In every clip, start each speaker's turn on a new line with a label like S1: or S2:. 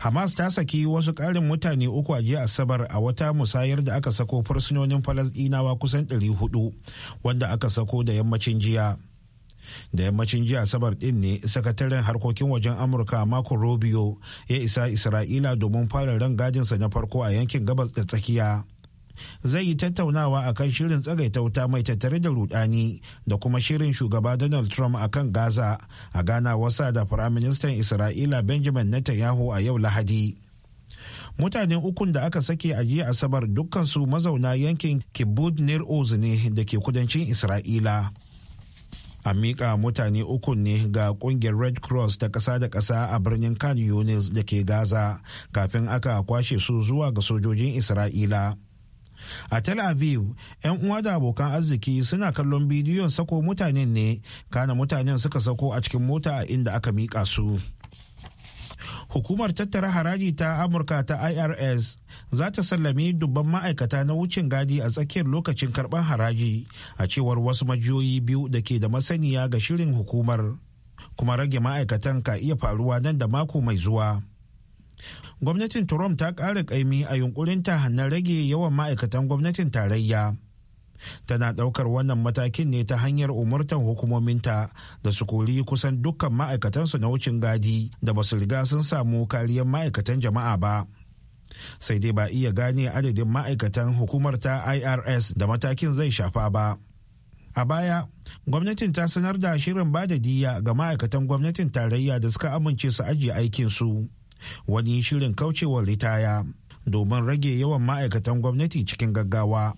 S1: Hamas ta saki wasu ƙarin mutane uku a jiya Asabar a wata musayar da aka sako fursunonin Falasɗinawa kusan 400 wanda aka sako da yammacin jiya. Da yammacin jiya Asabar ɗin ne sakataren harkokin wajen Amurka Marco Rubio ya isa Isra'ila domin fara rangadinsa na farko a yankin gabas da tsakiya. zai yi tattaunawa a kan shirin tsagaita wuta mai tattare da rudani da kuma shirin shugaba donald trump a kan gaza a gana wasa da firaministan isra'ila benjamin netanyahu a yau lahadi mutane ukun da aka sake a jiya asabar dukkansu mazauna yankin kibbut nir oz ne da ke kudancin isra'ila a miƙa mutane ukun ne ga ƙungiyar red cross ta ƙasa da ƙasa a birnin khan yunis da ke gaza kafin aka kwashe su zuwa ga sojojin isra'ila a tel aviv 'yan uwa da abokan arziki suna kallon bidiyon sako mutanen ne kana mutanen suka sako a cikin mota a inda aka miƙa su hukumar tattara haraji ta amurka ta irs za ta sallami dubban ma'aikata na wucin gadi a tsakiyar lokacin karban haraji a cewar wasu majiyoyi biyu da ke da masaniya ga shirin hukumar kuma rage ma'aikatan ka iya faruwa nan da mako mai zuwa gwamnatin trump ta ƙara ƙaimi a yunkurinta na rage yawan ma'aikatan gwamnatin tarayya tana ɗaukar wannan matakin ne ta hanyar umurtan hukumominta da su kori kusan dukkan ma'aikatansu na wucin gadi da ba su riga sun samu kariyar ma'aikatan jama'a ba sai dai ba iya gane adadin ma'aikatan hukumar ta irs da matakin zai shafa ba a baya gwamnatin ta sanar da shirin ba da diya ga ma'aikatan gwamnatin tarayya da suka amince su ajiye aikinsu wani shirin kaucewa ritaya domin rage yawan ma'aikatan gwamnati cikin gaggawa.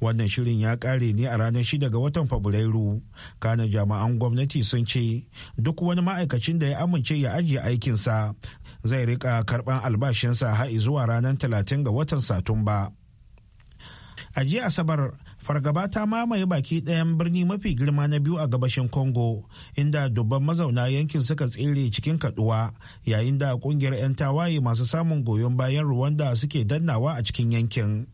S1: wannan shirin ya ƙare ne a ranar 6 ga watan fabrairu kana jami'an gwamnati sun ce duk wani ma'aikacin da ya amince ya ajiye aikinsa zai rika karban albashinsa har zuwa ranar talatin ga watan satumba a jiya asabar fargaba ta mamaye baki ɗayan birni mafi girma na biyu a gabashin congo inda dubban mazauna yankin suka tsere cikin kaduwa yayin da kungiyar 'yan tawaye masu samun goyon bayan rwanda suke dannawa a cikin yankin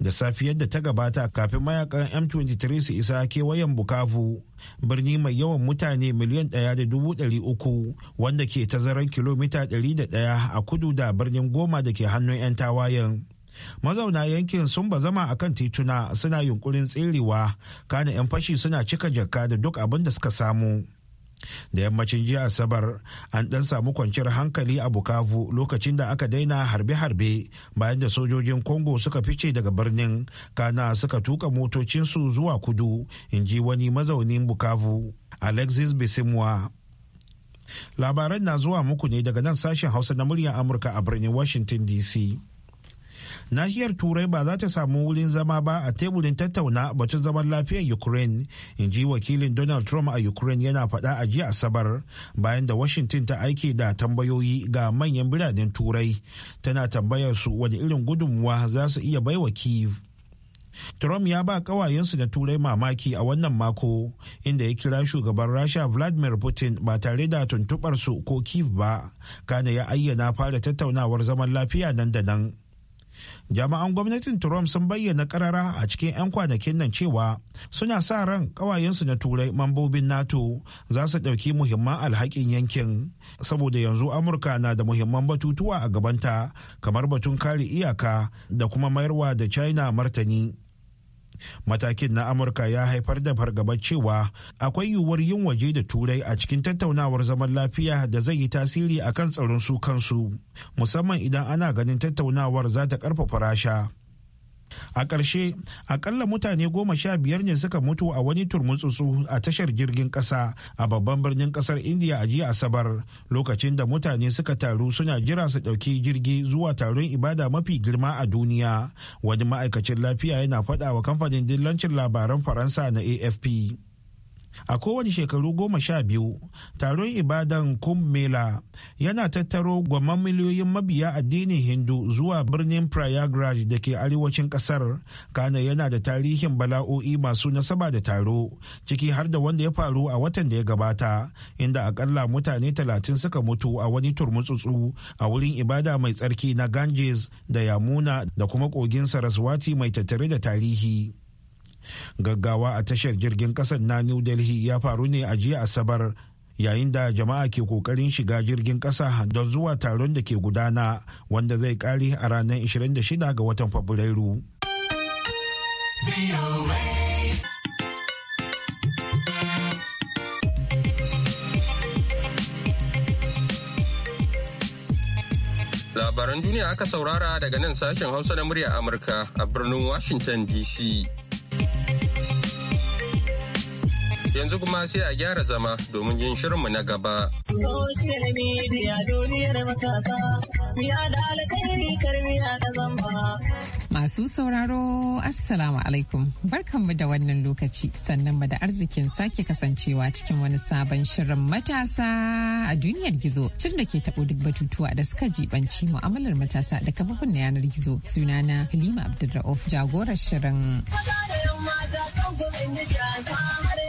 S1: da safiyar da ta gabata kafin mayakan m23 su isa kewayen bukavu birni mai yawan mutane miliyan ɗaya da dubu ɗari uku wanda ke tazaran kilomita ɗari da ɗaya a kudu da birnin goma da ke hannun 'yan tawayen mazauna yankin sun zama a kan tituna suna yunkurin tserewa kana 'yan fashi suna cika jaka da duk abin da suka samu da yammacin jiya asabar an dan samu kwanciyar hankali a bukavu lokacin da aka daina harbe-harbe bayan da sojojin congo suka fice daga birnin kana suka tuka motocinsu zuwa kudu in ji wani mazaunin bukavu alexis bisimwa labaran na zuwa muku ne daga nan sashen hausa na muryar amurka a birnin washington dc nahiyar turai ba za ta samu wurin zama ba a teburin tattauna batun zaman lafiyar ukraine in ji wakilin donald trump a ukraine yana faɗa a jiya asabar bayan da washington ta aiki da tambayoyi ga manyan biranen turai tana tambayar su wani irin gudunmuwa za su iya baiwa Kiv. Trump ya ba kawayensu na turai mamaki a wannan mako inda ya kira shugaban Rasha Vladimir Putin ba tare da tuntuɓarsu ko Kiev ba, kana ya ayyana fara tattaunawar zaman lafiya nan da nan. jami'an gwamnatin trump sun bayyana karara a cikin 'yan kwanakin nan cewa suna sa ran kawayensu na turai mambobin nato za su ɗauki muhimman alhakin yankin saboda yanzu amurka na da muhimman batutuwa a gabanta kamar batun kare iyaka da kuma mayarwa da china martani matakin na amurka ya haifar da fargabar cewa akwai yiwuwar yin waje da turai a cikin tattaunawar zaman lafiya da zai yi tasiri akan tsaron su kansu musamman idan ana ganin tattaunawar za ta karfafa rasha a ƙarshe akalla mutane goma sha biyar ne suka mutu a wani turmutsutsu a tashar jirgin ƙasa a babban birnin ƙasar indiya a jiya asabar lokacin da mutane suka taru suna jira su ɗauki jirgi zuwa taron ibada mafi girma a duniya wani ma'aikacin lafiya yana faɗa wa kamfanin dillancin labaran faransa na afp A kowane shekaru goma sha biyu, taron ibadan Kumbh yana tattaro gwamman miliyoyin mabiya addinin Hindu zuwa birnin Prayagraj da ke arewacin kasar, kana yana da tarihin bala'o'i masu nasaba da taro, ciki har da wanda ya faru a watan da ya gabata, inda akalla mutane talatin suka mutu a wani turmutsutsu a wurin ibada mai tsarki na Ganges da Yamuna da kuma kogin Saraswati mai tattare da tarihi. gaggawa a tashar jirgin kasar na new delhi ya faru ne a jiya asabar yayin da jama'a ke kokarin shiga jirgin kasa don zuwa taron da ke gudana wanda zai kare a ranar 26 ga watan fabrairu
S2: Labaran duniya aka saurara daga nan sashen Hausa na murya Amurka a birnin Washington DC. Yanzu kuma sai a gyara zama domin yin shirinmu na gaba.
S3: Social media duniyar matasa, da da zamba.
S4: Masu sauraro Assalamu alaikum barkanmu da wannan lokaci sannan mu da arzikin sake kasancewa cikin wani sabon shirin matasa a duniyar gizo shirin da ke taɓo duk batutuwa da suka jibanci mu'amalar matasa da kafafin na yanar gizo sunana Halima Abdulrauf jagorar shirin.
S3: da kan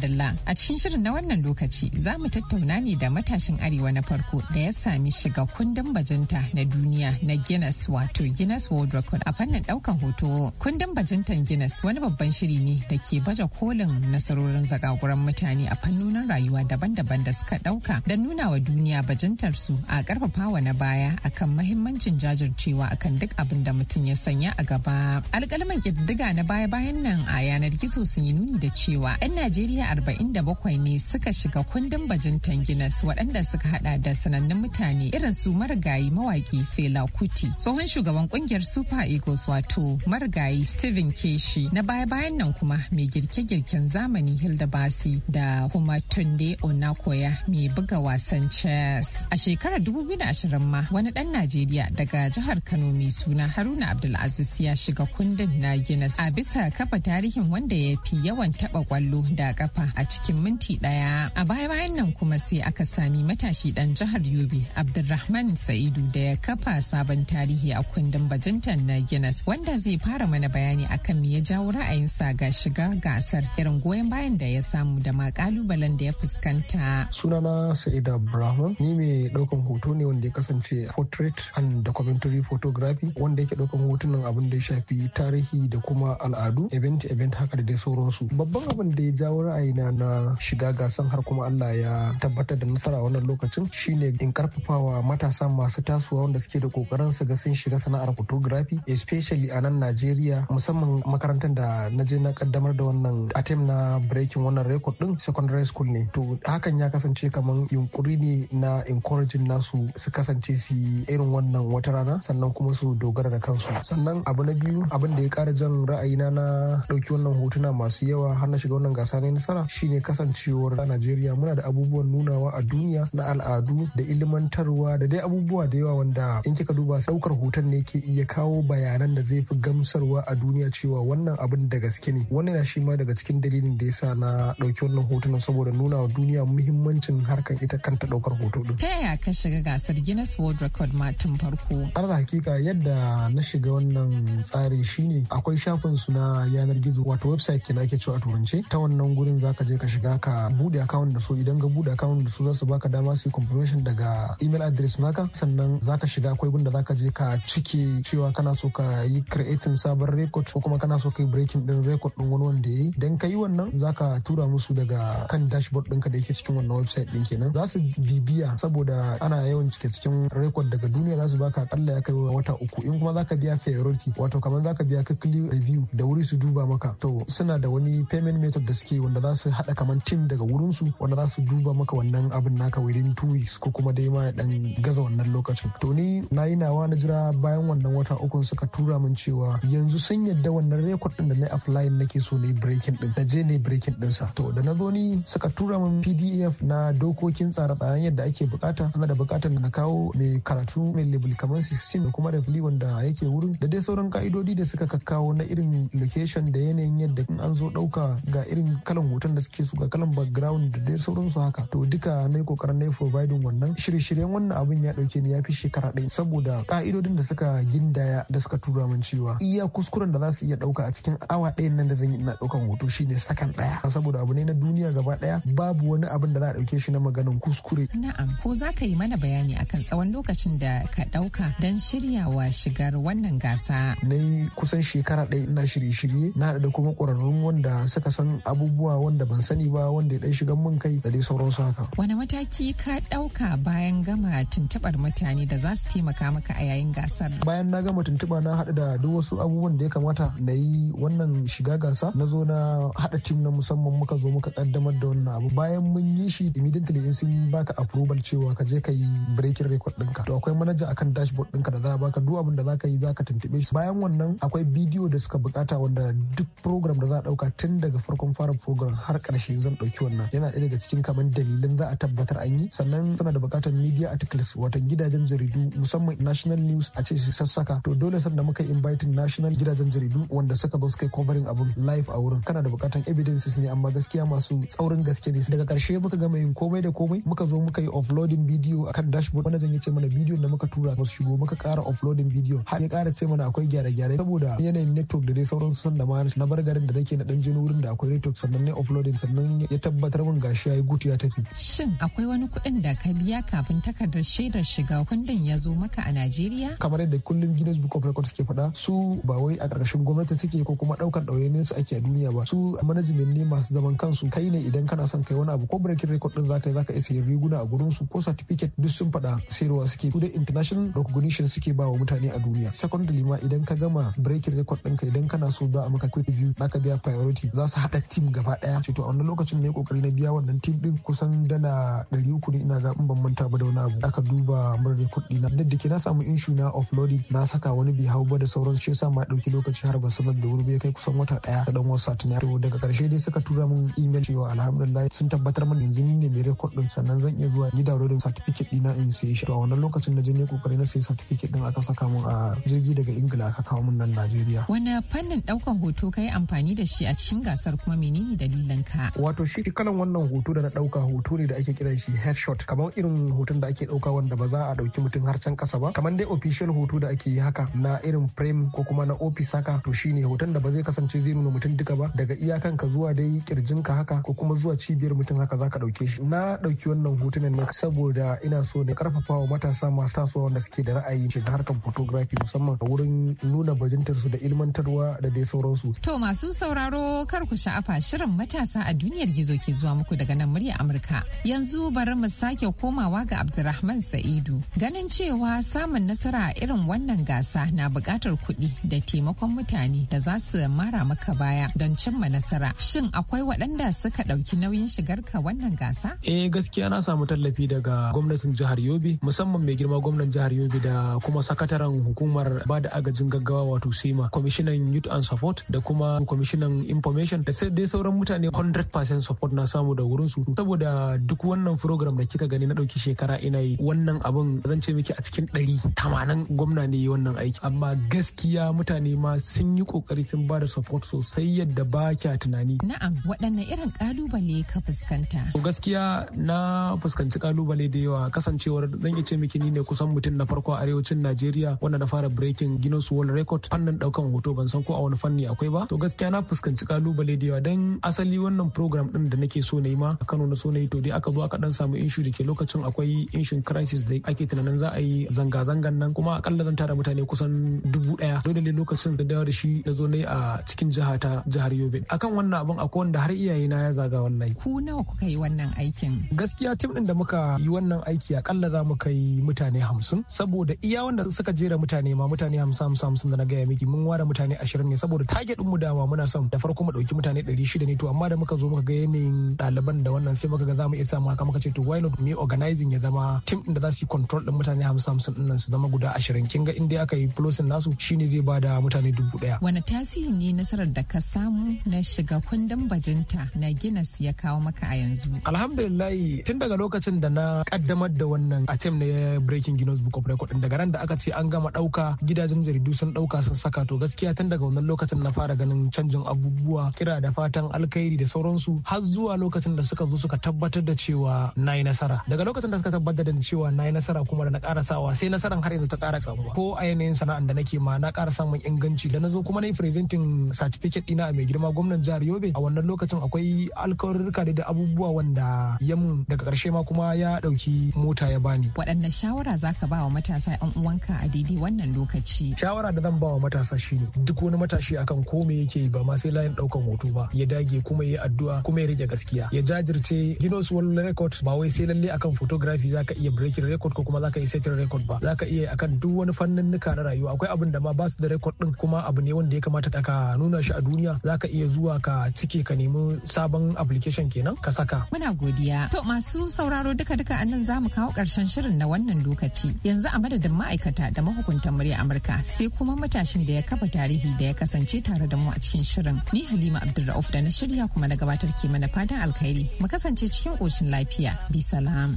S4: Adalla. A cikin shirin na wannan lokaci za mu tattauna ne da matashin arewa na farko da ya sami shiga kundin bajinta na duniya na Guinness wato Guinness World Record a fannin daukan hoto. Kundin bajintan Guinness wani babban shiri ne da ke baje kolin nasarorin zagaguran mutane a fannonin rayuwa daban-daban da suka dauka da nuna wa duniya bajintar su a karfafawa na baya akan mahimmancin jajircewa akan duk abin da mutum ya sanya a gaba. Alƙalman ƙididdiga na baya-bayan nan a yanar gizo sun yi nuni da cewa 'yan Najeriya 47 ne suka shiga kundin bajintan Guinness waɗanda suka hada da sanannun mutane irin su marigayi mawaki Fela Kuti, tsohon shugaban kungiyar Super Eagles wato marigayi Steven Keshi na baya-bayan nan kuma mai girke-girken zamani Hilda Basi da kuma Tunde Onakoya mai buga wasan chess. A shekarar 2020 ma wani ɗan Najeriya daga jihar Kano mai suna Haruna Abdulaziz ya shiga kundin na Guinness a bisa kafa tarihin wanda ya fi yawan taɓa kwallo da kafa kafa a cikin minti ɗaya. A baya-bayan nan kuma sai aka sami matashi ɗan jihar Yobe Abdulrahman Sa'idu da ya kafa sabon tarihi a kundin bajintan na Guinness wanda zai fara mana bayani akan me ya jawo ra'ayinsa ga shiga gasar irin goyon bayan da ya samu da ma kalubalen da ya fuskanta.
S5: Sunana Sa'idu Abdulrahman ni mai ɗaukan hoto ne wanda ya kasance portrait and documentary photography wanda yake ɗaukan hotunan abin da ya shafi tarihi da kuma al'adu event event haka da dai sauransu. Babban abin da ya jawo ra'ayi raina na shiga gasan har kuma Allah ya tabbatar da nasara a wannan lokacin shine in karfafawa matasa masu tasowa wanda suke da kokarin su ga sun shiga sana'ar photography especially a nan Najeriya musamman makarantar da na je na kaddamar da wannan attempt na breaking wannan record din secondary school ne to hakan ya kasance kamar yunkuri ne na encouraging nasu su kasance su irin wannan wata rana sannan kuma su dogara da kansu sannan abu na biyu abin da ya kara jan ra'ayina na dauki wannan hotuna masu yawa har na shiga wannan gasa ne nasara shine kasancewar a Najeriya muna da abubuwan nunawa a duniya na al'adu da ilimantarwa da dai abubuwa da yawa wanda in kika duba saukar hoton ne ke iya kawo bayanan da zai fi gamsarwa a duniya cewa wannan abin da gaske ne wannan na shi ma daga cikin dalilin da yasa na ɗauki wannan hoton saboda nuna wa duniya muhimmancin harkar ita kanta ɗaukar hoto ɗin.
S4: Ta yaya ka shiga gasar Guinness World Record ma tun farko?
S5: da hakika yadda na shiga wannan tsari shine akwai shafin su na yanar gizo wato website kenan ake cewa a turance ta wannan gurin za za ka je ka shiga ka bude account da su idan ka bude akawun da su za su baka dama su confirmation daga email address naka sannan za ka shiga akwai gunda za ka je ka cike cewa kana so ka yi creating sabon record ko kuma kana so ka yi breaking din record din wani wanda yayi dan ka yi wannan za ka tura musu daga kan dashboard ɗinka da yake cikin wannan website din kenan za su bibiya saboda ana yawan cike cikin record daga duniya za su baka akalla ya kai wata uku in kuma za ka biya priority wato kamar za ka biya quickly review da wuri su duba maka to suna da wani payment method da suke wanda za su haɗa kamar tim daga wurinsu wanda za su duba maka wannan abin naka within two weeks ko kuma dai ma dan gaza wannan lokacin to ni na yi nawa na jira bayan wannan wata ukun suka tura min cewa yanzu sun yadda wannan record din da na offline nake so ne breaking din na je ne breaking din sa to da na zo ni suka tura min pdf na dokokin tsare-tsaren yadda ake bukata ana da bukatar na kawo mai karatu mai label kamar 16 da kuma refli wanda yake wurin da dai sauran ka'idodi da suka kakkawo na irin location da yanayin yadda in an zo ɗauka ga irin kalan rahoton da suke su ga kalan background da dai sauransu haka to duka na yi kokarin na yi providing wannan shirye-shiryen wannan abin ya dauke ni ya fi shekara ɗaya saboda ka'idodin da suka gindaya da suka tura min cewa iya kuskuren da za su iya dauka a cikin awa ɗayan nan da zan yi ina daukan hoto shi ne sakan ɗaya saboda abu ne na duniya gaba ɗaya babu wani abin da za a dauke shi na maganin kuskure na'am
S4: ko za ka yi mana bayani akan tsawon lokacin da ka dauka don shiryawa shigar wannan gasa na yi kusan
S5: shekara ɗaya ina
S4: shirye-shirye na da kuma ƙwararrun wanda suka san abubuwa wanda
S5: ban sani ba wanda ya dan shiga mun kai da dai sauransu haka
S4: wani mataki ka dauka bayan gama tuntubar mutane da za su taimaka maka a yayin gasar bayan na gama tuntuba na hada da duk
S5: wasu abubuwan da ya kamata na yi wannan shiga gasa na zo na hada tim na musamman muka zo muka kaddamar da wannan abu bayan mun yi shi immediately in sun baka approval cewa ka je ka yi breaking record ka. to akwai manaja akan dashboard ka da za a baka duk abin da za ka yi za ka tuntube shi bayan wannan akwai bidiyo da suka bukata wanda duk program da za a dauka tun daga farkon fara program har karshe zan ɗauki wannan yana ɗaya daga cikin kamar dalilin za a tabbatar an yi sannan suna da buƙatar media articles watan gidajen jaridu musamman national news a ce su sassaka to dole da muka inviting national gidajen jaridu wanda suka zo suka yi covering abin live a wurin kana da buƙatar evidences ne amma gaskiya masu tsaurin gaske ne daga karshe muka gama yin komai da komai muka zo muka yi offloading bidiyo akan dashboard wanda zan ce mana bidiyo da muka tura musu shigo muka ƙara offloading bidiyo har ya kara ce mana akwai gyare-gyare saboda yanayin network da dai sauransu da ma na bar garin da nake na dan jini wurin da akwai network sannan ne off uploading sannan ya tabbatar mun gashi ya yi gutu ya tafi.
S4: Shin akwai wani kuɗin da ka biya kafin takardar shaidar shiga kundin ya zo maka a Najeriya?
S5: Kamar yadda kullum Guinness Book of Records ke faɗa su ba wai a ƙarƙashin gwamnati suke ko kuma ɗaukar ɗauyenin su ake a duniya ba su management ne masu zaman kansu kai ne idan kana son kai wani abu ko breaking record din zaka yi zaka isa yin riguna a gurin su ko certificate duk sun faɗa sayarwa suke su da international recognition suke ba wa mutane a duniya. Secondly ma idan ka gama breaking record ka idan kana so za a maka quick review zaka biya priority za su haɗa team gaba ɗaya ce to a wannan lokacin ne kokari na biya wannan tim din kusan dala ɗari uku ne ina ga in ban manta ba da wani abu aka duba mun kuɗi na da ke na samu inshu na offloading na saka wani bi hau ba da sauran shi yasa ma ɗauki lokaci har ba sanar da wuri ya kai kusan wata ɗaya da ɗan wasu satin yaro daga karshe dai suka tura min imel. cewa alhamdulillah sun tabbatar min yanzu ni ne mai record din sannan zan iya zuwa ni dawo da certificate ɗina in sai shi to a wannan lokacin na je ne kokari na sai certificate din aka saka min a jirgi daga Ingila aka kawo min nan Najeriya. Wani
S4: fannin daukan hoto kai amfani da shi a cikin gasar kuma menene dalili? Wato
S5: shi kalan wannan hoto da na ɗauka hoto ne da ake kira shi headshot kamar irin hoton da ake ɗauka wanda ba za a dauki mutum har can ƙasa ba kamar dai official hoto da ake yi haka na irin frame ko kuma na office haka to shi ne hoton da ba zai kasance zai nuna mutum duka ba daga iyakan ka zuwa dai ka haka ko kuma zuwa cibiyar mutum haka zaka dauke shi. Na ɗauki wannan hotunan ne saboda ina so na karfafa wa matasa masu tasowa wanda suke da ra'ayi shiga harkar photography musamman a wurin nuna bajintar su da ilmantarwa da dai sauransu.
S4: To masu sauraro kar ku sha'afa shirin mata matasa a duniyar gizo ke zuwa muku daga nan murya Amurka. Yanzu bari mu sake komawa ga Abdulrahman Sa'idu. Ganin cewa samun nasara a irin wannan gasa na bukatar kuɗi da taimakon mutane da za su mara maka baya don cimma nasara. Shin akwai waɗanda suka ɗauki nauyin shigar ka wannan gasa?
S5: Eh gaskiya na samu tallafi daga gwamnatin jihar Yobe musamman mai girma gwamnan jihar Yobe da kuma sakataren hukumar ba da agajin gaggawa wato SEMA, kwamishinan Youth and Support da kuma kwamishinan Information da sai dai sauran mutane 100% support na samu da wurin su saboda duk wannan program da kika gani na dauki shekara ina yi wannan abun zan ce miki a cikin ɗari tamanin gwamna ne wannan aiki amma gaskiya mutane ma sun yi kokari sun ba da support sosai yadda ba kya tunani
S4: na'am waɗanne irin kalubale ka fuskanta
S5: gaskiya na fuskanci kalubale da yawa kasancewar zan ce miki ni ne kusan mutum na farko a arewacin Najeriya wanda na fara breaking Guinness World Record fannin daukan hoto ban san ko a wani fanni akwai ba to gaskiya na fuskanci kalubale da yawa dan asali asali wannan program din da nake so na ma a Kano na so na to dai aka zo aka dan samu issue da ke lokacin akwai inshin crisis da ake tunanin za a yi zanga-zangan nan kuma akalla zan tara mutane kusan dubu daya dole ne lokacin da dawo da shi da zo na a cikin jiha ta jihar Yobe akan wannan abin akwai wanda har iyaye na ya zaga
S4: wallahi ku nawa kuka yi wannan aikin
S5: gaskiya tim din da muka yi wannan aiki akalla za mu kai mutane hamsin saboda iya wanda suka jera mutane ma mutane hamsin hamsin hamsin da na gaya miki mun ware mutane ashirin ne saboda target din mu dama muna son da farko mu dauki mutane ɗari shida ne to amma amma da muka zo muka ga yanayin ɗaliban da wannan sai muka ga za mu iya samu haka muka ce to why not me organizing ya zama team din da za su control din mutane hamsin hamsin din nan su zama guda ashirin kin ga inda aka yi flosin nasu shine zai ba da mutane dubu daya.
S4: wani tasiri ne nasarar da ka samu na shiga kundin bajinta na guinness ya kawo maka a yanzu.
S5: alhamdulillah tun daga lokacin da na kaddamar da wannan attempt na breaking guinness book of record daga ran da aka ce an gama dauka gidajen jaridu sun ɗauka sun saka to gaskiya tun daga wannan lokacin na fara ganin canjin abubuwa kira da fatan alkai alheri da sauransu har zuwa lokacin da suka zo suka tabbatar da cewa na yi nasara daga lokacin da suka tabbatar da cewa na yi nasara kuma da na ƙara sawa sai nasaran har yanzu ta ƙara samuwa ko a yanayin sana'an da nake ma na ƙara samun inganci da na zo kuma na yi presenting certificate ɗina a mai girma gwamnan jihar Yobe a wannan lokacin akwai alkawarurruka da abubuwa wanda ya mun daga karshe ma kuma ya ɗauki mota ya bani.
S4: Waɗanne shawara za ka ba wa matasa 'yan uwanka a daidai wannan
S5: lokaci? Shawara da zan ba wa matasa ne duk wani matashi akan ko me yake ba ma sai layin ɗaukan hoto ba ya dage kuma kuma yi addu'a kuma ya rike gaskiya ya jajirce Guinness World Record ba wai sai lalle akan photography zaka iya breaking record ko kuma zaka iya setting record ba zaka iya akan duk wani fannin nuka na rayuwa akwai abin da ma ba su da record din kuma abu ne wanda ya kamata ka nuna shi a duniya zaka iya zuwa ka cike ka nemi sabon application kenan ka saka
S4: muna godiya to masu sauraro duka duka a nan zamu kawo karshen shirin na wannan lokaci yanzu a madadin ma'aikata da mahukuntan murya Amurka sai kuma matashin da ya kafa tarihi da ya kasance tare da mu a cikin shirin ni Halima Abdulrauf da na shirya kuma na gabatar ke mana fatan alkhairi mu kasance cikin ƙoshin lafiya bi salam.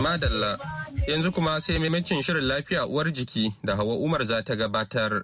S2: Madalla yanzu kuma sai maimacin shirin lafiya uwar jiki da hawa Umar za ta gabatar.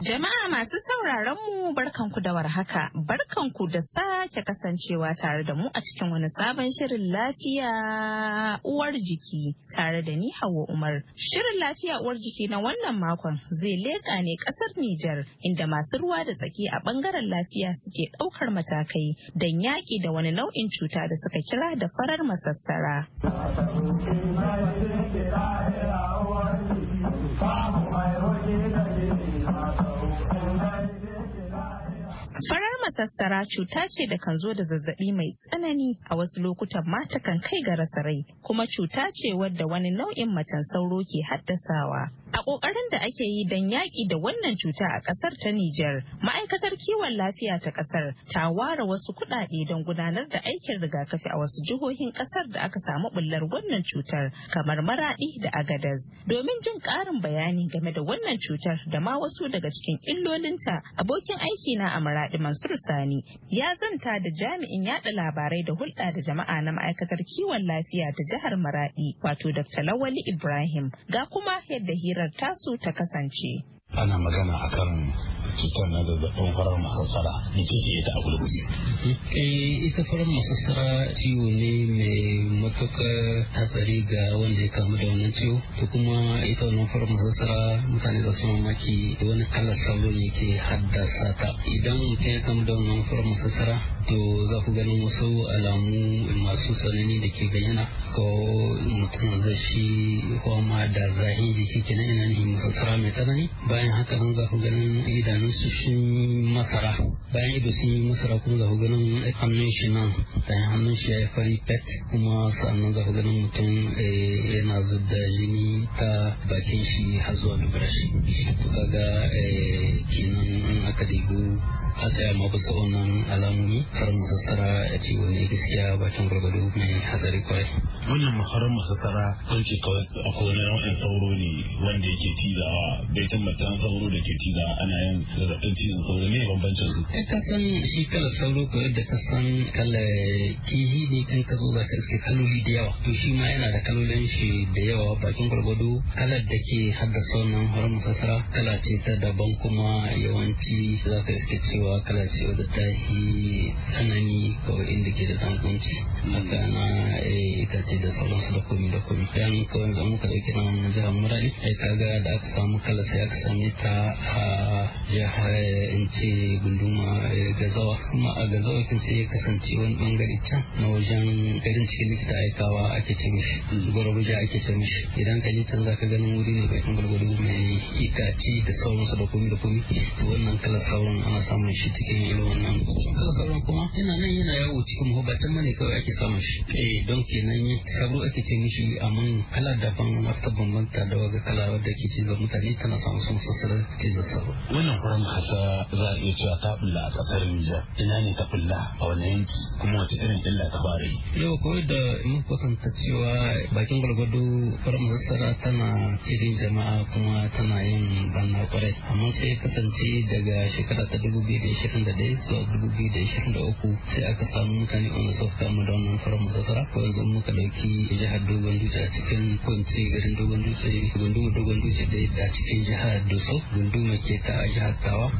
S6: Jama'a Masu sauraronmu barkanku da warhaka, barkanku da sake kasancewa tare da mu a cikin wani sabon shirin lafiya uwar jiki tare da ni Hauwa Umar. Shirin lafiya uwar jiki na wannan makon zai leƙa ne ƙasar Nijar inda masu ruwa da tsaki a ɓangaren lafiya suke ɗaukar matakai don yaƙi da wani nau'in cuta da suka kira da farar masassara. masassara cuta ce da kan zo da zazzabi mai tsanani a wasu lokutan ma takan kai ga rasa rai kuma cuta ce wadda wani nau'in macen sauro ke haddasawa. A ƙoƙarin da ake yi don yaƙi da wannan cuta a ƙasar ta Nijar, ma'aikatar kiwon lafiya ta ƙasar ta ware wasu kuɗaɗe don gudanar da aikin rigakafi a wasu jihohin ƙasar da aka samu ɓullar wannan cutar kamar Maraɗi da Agadez. Domin jin ƙarin bayani game da wannan cutar da ma wasu daga cikin illolinta, abokin aiki na a Maraɗi Mansur Sani ya zanta da jami'in yada labarai da hulɗa da jama'a na ma'aikatar kiwon lafiya ta jihar Maradi wato Dr. Lawali Ibrahim ga kuma yadda hirar tasu ta kasance.
S7: ana magana akan cutar na zazzabin farar masassara da ke ke ita a gulguje. Eh, ita farar
S8: masassara ciwo ne mai matuƙar hatsari ga wanda ya kamu da wannan ciwo to kuma ita wannan farar masassara mutane da su mamaki wani kalar sauro ne ke haddasa ta idan mutum ya kamu da wannan farar masassara to za ku ganin wasu alamu masu tsanani da ke bayyana ko mutum zai shi ma da zahin jiki nan ina nihin masasara mai tsanani bayan haka nan za ku ganin idanun su shi masara bayan ido sun yi masara kuma za ku ganin hannun shi nan ta hannun shi ya yi fari pet kuma sannan za ku ganin mutum eh, yana da jini ta bakin shi har zuwa dubra shi kaga eh, kenan aka dibu a tsaya ma bisa wannan alamomi har masassara ya ce wani
S7: gaskiya bakin gwargwado mai hatsari kwarai. wannan maharar masasara an ce kawai A wani nau'in sauro ne wanda yake tilawa bai tabbatan sauro da ke tila ana yin zazzabin cizon sauro ne bambancin su.
S8: ya eh, ka san shi kalar sauro ko yadda ka san kalar kihi ne kan ka zo za ka iske kaloli da yawa to shi ma yana da kalolin shi da yawa bakin gwargwado kalar da ke haddasa wannan harar masasara kala ce ta daban kuma yawanci jiri za ka iske cewa kala cewa da tahi tsanani kawai inda ke da tankunci haka na eh, ce da su da komi da komi dan kawai da muka dauki na jihar murari ai kaga da aka samu kala sai aka same ta a jihar eh, in ce gunduma eh, gazawa kuma a gazawa kin sai ya kasance wani bangare can na wajen garin cikin likita aikawa ake ce mishi gwargwaje ake ce mishi idan ka je can za ka ganin wuri ne kan gwargwado mai itace da su da komi da komi wannan kalar sauran ana samun shi cikin irin wannan kala sauran kuma yana nan yana yawo cikin mahabbatan mane kawai ake samun shi eh don kenan sabo ake ce mishi amma kala daban ta
S7: bambanta da waga kala wadda ke cizon mutane tana samun su musassarar cizon sabo wannan kwarin hasa za a iya cewa ta bulla a kasar Nijar ina ne ta bulla a wani yanki kuma wace irin illa ta fara yi
S8: yau kawai da mun kwatanta cewa bakin gwalgwado kwarin musassara tana cikin jama'a kuma tana yin banna kwarai amma sai kasance daga shekara ta 2021 zuwa 2023 sai aka samu mutane wanda suka kamu da wannan farar madasara ko yanzu muka dauki jihar dogon dutse a cikin kwanci garin dogon dutse gunduma dogon dutse da a cikin jihar doso gunduma ke ta a jihar tawa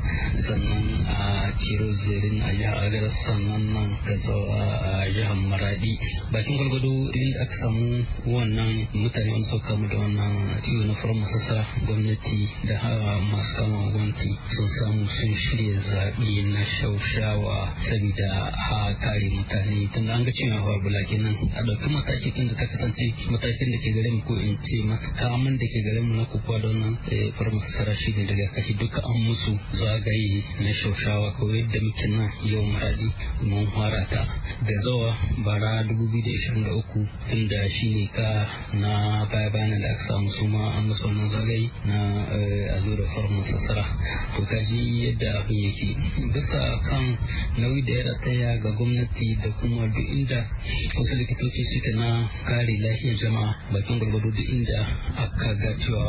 S8: sannan a ciro zirin a jihar agaras sannan nan gazawa a jihar maradi bakin gwalgwado inda aka samu wannan mutane wanda suka kamu da wannan ciwo na farar masasara gwamnati da masu kama gwamnati sun samu sun shirya zaɓi na shaushawa saboda a kare mutane tun da an ga cewa ba bula kenan a ɗauki mataki tun da ta kasance matakin da ke gare mu ko in ce makaman da ke gare mu na kuka don nan eh, farmasa sarashi da daga kashi duka an musu zagaye na shaushawa ko yadda muke nan yau maradi mun fara ta da zawa bara 2023 tun da shi ne ka na baya bayan da aka samu suma an musu wannan zagaye na eh, allurar farmasa sara to kaji yadda abin yake bisa kan nauyi da ya rataya ga gwamnati da kuma duk inda wasu likitoci suke na kare lafiyar jama'a bakin gwargwado duk inda aka ga cewa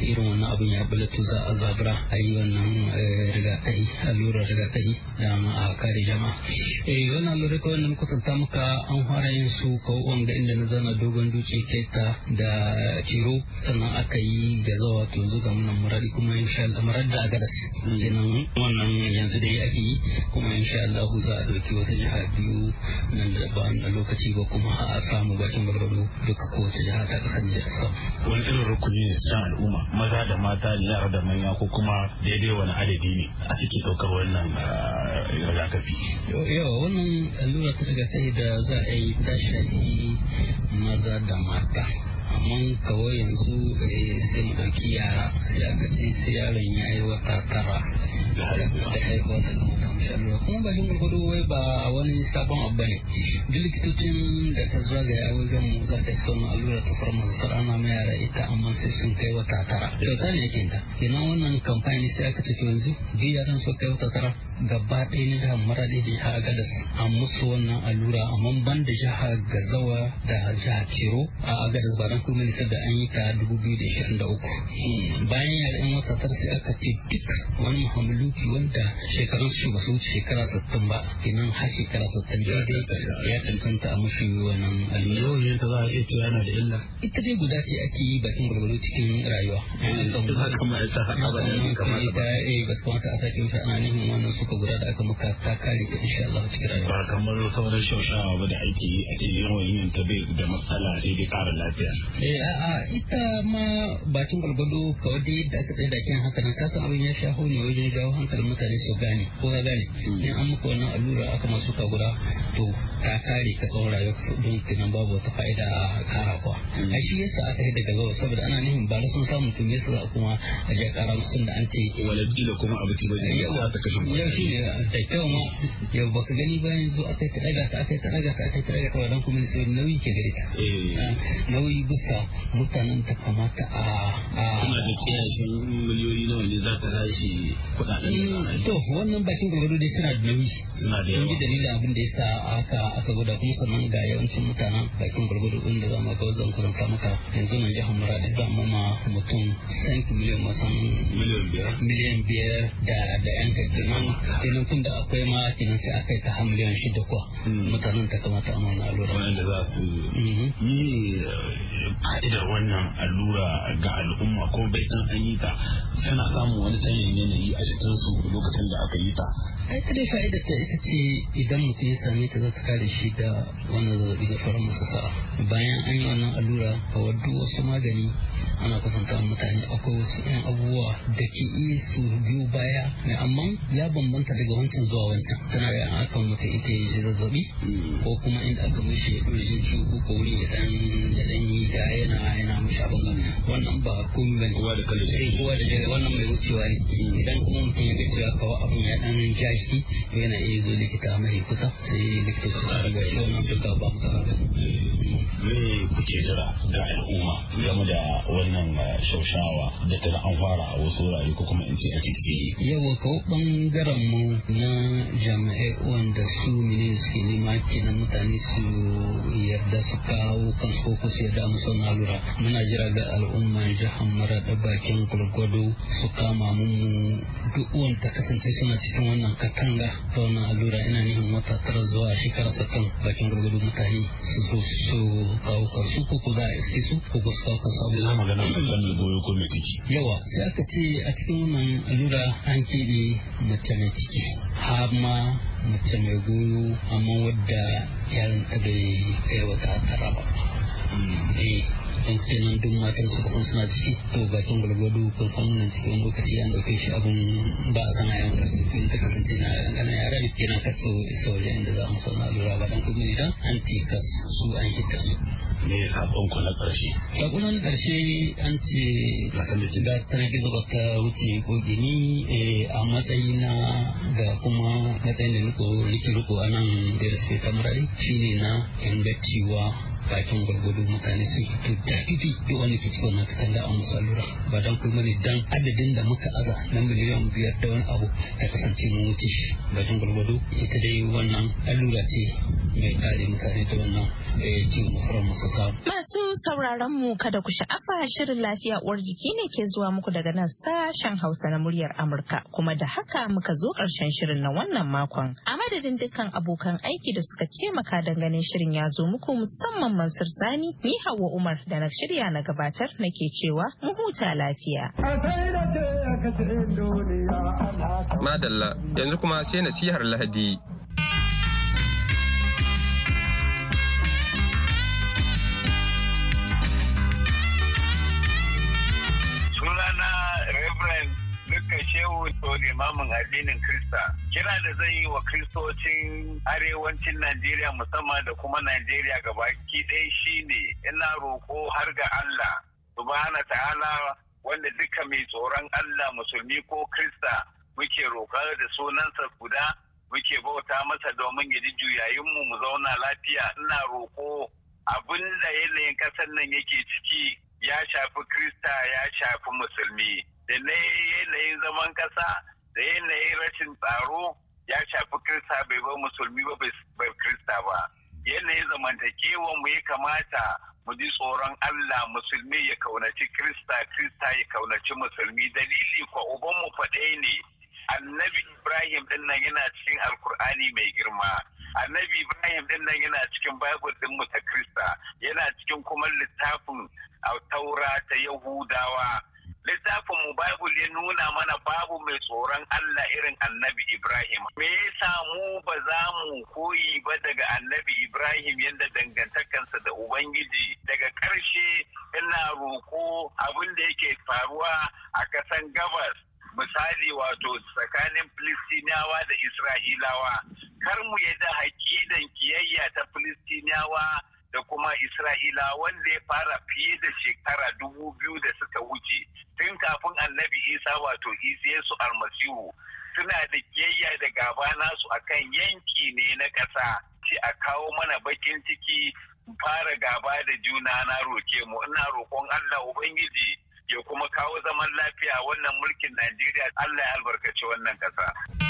S8: irin wannan abin ya bulatu za a zabura a yi wannan eh, rigakafi allurar rigakafi da a kare jama'a eh wannan allurar kawai wannan muka muka an fara yin su ko wanga inda na zana dogon duce keta da ciro sannan aka yi gazawa to yanzu ga munan murari kuma insha Allah murar da agadas mm. kenan wannan yanzu dai ake yi kuma insha Allah za a dauki wata jiha biyu nan da ba
S7: na lokaci ba kuma a samu bakin barbaro duka kowace jiha ta kasan jihar sam. wani irin rukuni ne cikin al'umma maza da mata yara da manya ko kuma daidai wani adadi ne a suke ɗaukar wannan eh, rigakafi.
S8: yawa wannan allura ta sai da za a yi tashi maza da mata amma kawai yanzu eh, sai mu ɗauki yara sai aka ce sai yaron ya yi wata tara da haihuwa ta kuma ta mashalluwa kuma bakin gwagwado wai ba wani sabon abu ne duk likitocin da ka zagaya wajen mu za ka sauna allura ta farma sassar ana mai yara ita amma sai sun kai wata tara kyauta ne yake ta kenan wannan kamfani sai aka ce yanzu yaran su kai wata tara gaba ɗaya na jihar maraɗi da jihar Gadas a musu wannan allura amma ban da jihar gazawa da jihar ciro a agadas ba dan kuma nisa da an yi ta 2023 hmm. bayan ya ɗan wata tar sai aka ce duk wani muhammadu mahaluki wanda shekarun su ba su wuce shekara 60 ba kenan har shekara 60 ya tantanta a musu wannan allura yau ta za a iya cewa yana da illa ita dai guda ce ake yi bakin gwargwaro cikin rayuwa eh, haka ma ita haka eh, ba ta kamata ba a sake mafi
S7: ainihin wannan su ka guda da aka maka ta kare ka insha Allah cikin rayuwa ba kamar sauran shaushawa ba da ake yi ake yawan yin ta bai da matsala sai dai ƙara lafiya eh a'a ita ma
S8: bakin gwalgwado kawai da yadda aka tsaye da kin haka nan kasan abin ya shaho ne wajen jawo hankalin mutane su gane ko ka gane hmm. in an muku wannan allura aka masu ka guda to ta kare ka tsawon rayuwa don kenan babu wata fa'ida a kara kuwa hmm. a shi yasa aka yi daga zawo saboda ana nihin ba sun samu tun yasa kuma a je kara mutum da an
S7: ce wala kila kuma abu ce ba zai ta kashe shi ne
S8: da kyau ma yau ba ka gani bayan zo aka yi taɗaga ta aka yi taɗaga ta aka yi taɗaga ta wadan kuma sai nauyi ke gare ta eh. ah, nauyi bisa mutanen ta kamata
S7: a a kuna da kiyashin miliyoyi nawa ne za ta tashi kuɗaɗen to
S8: wannan bakin gwagwado dai suna da nauyi suna da yawa dalilin abin da ya sa aka aka gwada kuma sannan ga yawancin mutanen bakin gwagwado inda za mu ga wajen kuran kamuka yanzu nan jihar muradi za mu ma mutum 5 miliyan masan
S7: miliyan biyar da da yan
S8: kaddunan kenan tun da akwai ma kenan sai aka ta har miliyan shida kuwa hmm. mutanen ta kamata a
S7: mana allura wanda za su hmm. yi eh, fa'idar wannan allura ga al'umma ko bai can an yi ta suna samun wani canjin yanayi a su lokacin da aka yi ta
S8: ai ta dai fa'idar ta ita ce idan mutum ya same ta za ta kare shi da wannan zazzabi da masu sa'a. bayan an yi wannan allura kawar duk wasu magani ana kwatanta mutane akwai wasu 'yan abubuwa da ke iya su biyu baya amma ya bambanta daga wancan zuwa wancan tana da aka mutu ita ya zazzabi ko kuma inda aka mishi ya ɗoye shi ko ko wuri ya dan ya dan yi ja yana yana mishi abin gani wannan ba komi bane kowa da kalle sai kowa da jere wannan mai wucewa ne mm. idan kuma mutum ya ga cewa kawai abin ya dan ja shi to yana iya zo likita mai kusa sai likita su ga shi wannan duka
S7: ba mu tsara ba ne mm. kuke jira da al'umma game da wani wannan eh, shaushawa da ta an fara a wasu wurare ko kuma in ce a cikin yi.
S8: Yawa ko bangaren mu na jami'ai wanda su ne ne nema kenan mutane su yarda su kawo kansu ko su yarda mu sauna lura. Muna jira ga al'umma jihar mara da bakin gwargwado su kama mu duk wanda kasance suna cikin wannan katanga ta wannan allura ina nihin wata tara zuwa shekara sattan bakin gwargwado mutane su zo su kawo kansu ko ku za a iske su ko ku su kawo kansu. ana
S7: zaton goyo ko mai ciki. Yawa
S8: sai aka ce a cikin wannan allura an keɓe mace mai ciki har ma mace mai goyo amma wadda yaron ta bai kai wata tara ba. Hmm. Eh. don kenan duk matan su kusan suna ciki to bakin gwalgwado kun san wannan cikin wani lokaci an dauke shi abun ba a sana yawan kasu tun ta kasance na kankana yara ne kenan kaso isa wajen inda za mu so na lura ba dan kuma idan an ce
S7: kasu su an hita su. me ya sakon ku na ƙarshe.
S8: sakon na ƙarshe an ce ga tana gizo ba ta wuce ko gini eh, a matsayina ga kuma matsayin da niko niki riko a nan da ya ta murari shine na ingancewa bakin gwargwado mutane sun fito da fifi da wani ke cikin wannan katanga a musu allura ba don kuma ne dan adadin da muka aza na miliyan biyar da wani abu ta kasance mun wuce shi bakin gwargwado ita dai wannan allura ce mai kare mutane da wannan Eh,
S6: Masu sauraron mu kada ku sha'afa shirin lafiya uwar jiki ne ke zuwa muku daga nan sashen Hausa na muryar Amurka kuma da haka muka zo ƙarshen shirin na wannan makon. A madadin dukkan abokan aiki da suka taimaka maka dangane shirin ya zo muku musamman Mansur Sani ni Hauwa Umar da na shirya na gabatar nake cewa mu huta lafiya.
S2: Madalla yanzu kuma sai nasihar Lahadi.
S3: suka Shehu limamin addinin Krista. Kira da zan yi wa Kristocin arewacin Najeriya musamman da kuma Najeriya gabaki ɗaya shi ne ina roko har ga Allah subhana ta'ala wanda duka mai tsoron Allah musulmi ko Krista muke roƙar da sunansa guda muke bauta masa domin ya ji juyayinmu mu zauna lafiya ina roko abin da yanayin ƙasar nan yake ciki ya shafi Krista ya shafi musulmi. da na yanayin zaman kasa da yanayin rashin tsaro ya shafi krista bai ba musulmi ba bai krista ba yanayin zamantakewa mu ya kamata mu ji tsoron Allah musulmi ya kaunaci krista krista ya kaunaci musulmi dalili kwa ubanmu faɗai ne annabi ibrahim din nan yana cikin alkur'ani mai girma annabi ibrahim din nan yana cikin bible din mu ta krista yana cikin kuma littafin taura ta yahudawa littafin mu Bible ya nuna mana babu mai tsoron Allah irin annabi Ibrahim. Me yasa mu ba za mu koyi ba daga annabi Ibrahim yadda dangantakansa da Ubangiji daga ƙarshe ina roko abin da yake faruwa a ƙasan gabas misali wato tsakanin Filistinawa da Isra'ilawa. Kar mu yadda hakidan kiyayya ta Filistinawa da kuma Isra'ila wanda ya fara fiye da shekara dubu biyu da suka wuce tun kafin annabi Isa wato Isiyasu almasihu suna da kiyayya da gaba nasu akan yanki ne na ƙasa ce a kawo mana bakin ciki fara gaba da juna na roke mu ina roƙon Allah Ubangiji ya kuma kawo zaman lafiya wannan mulkin Najeriya Allah ya albarkaci wannan ƙasa.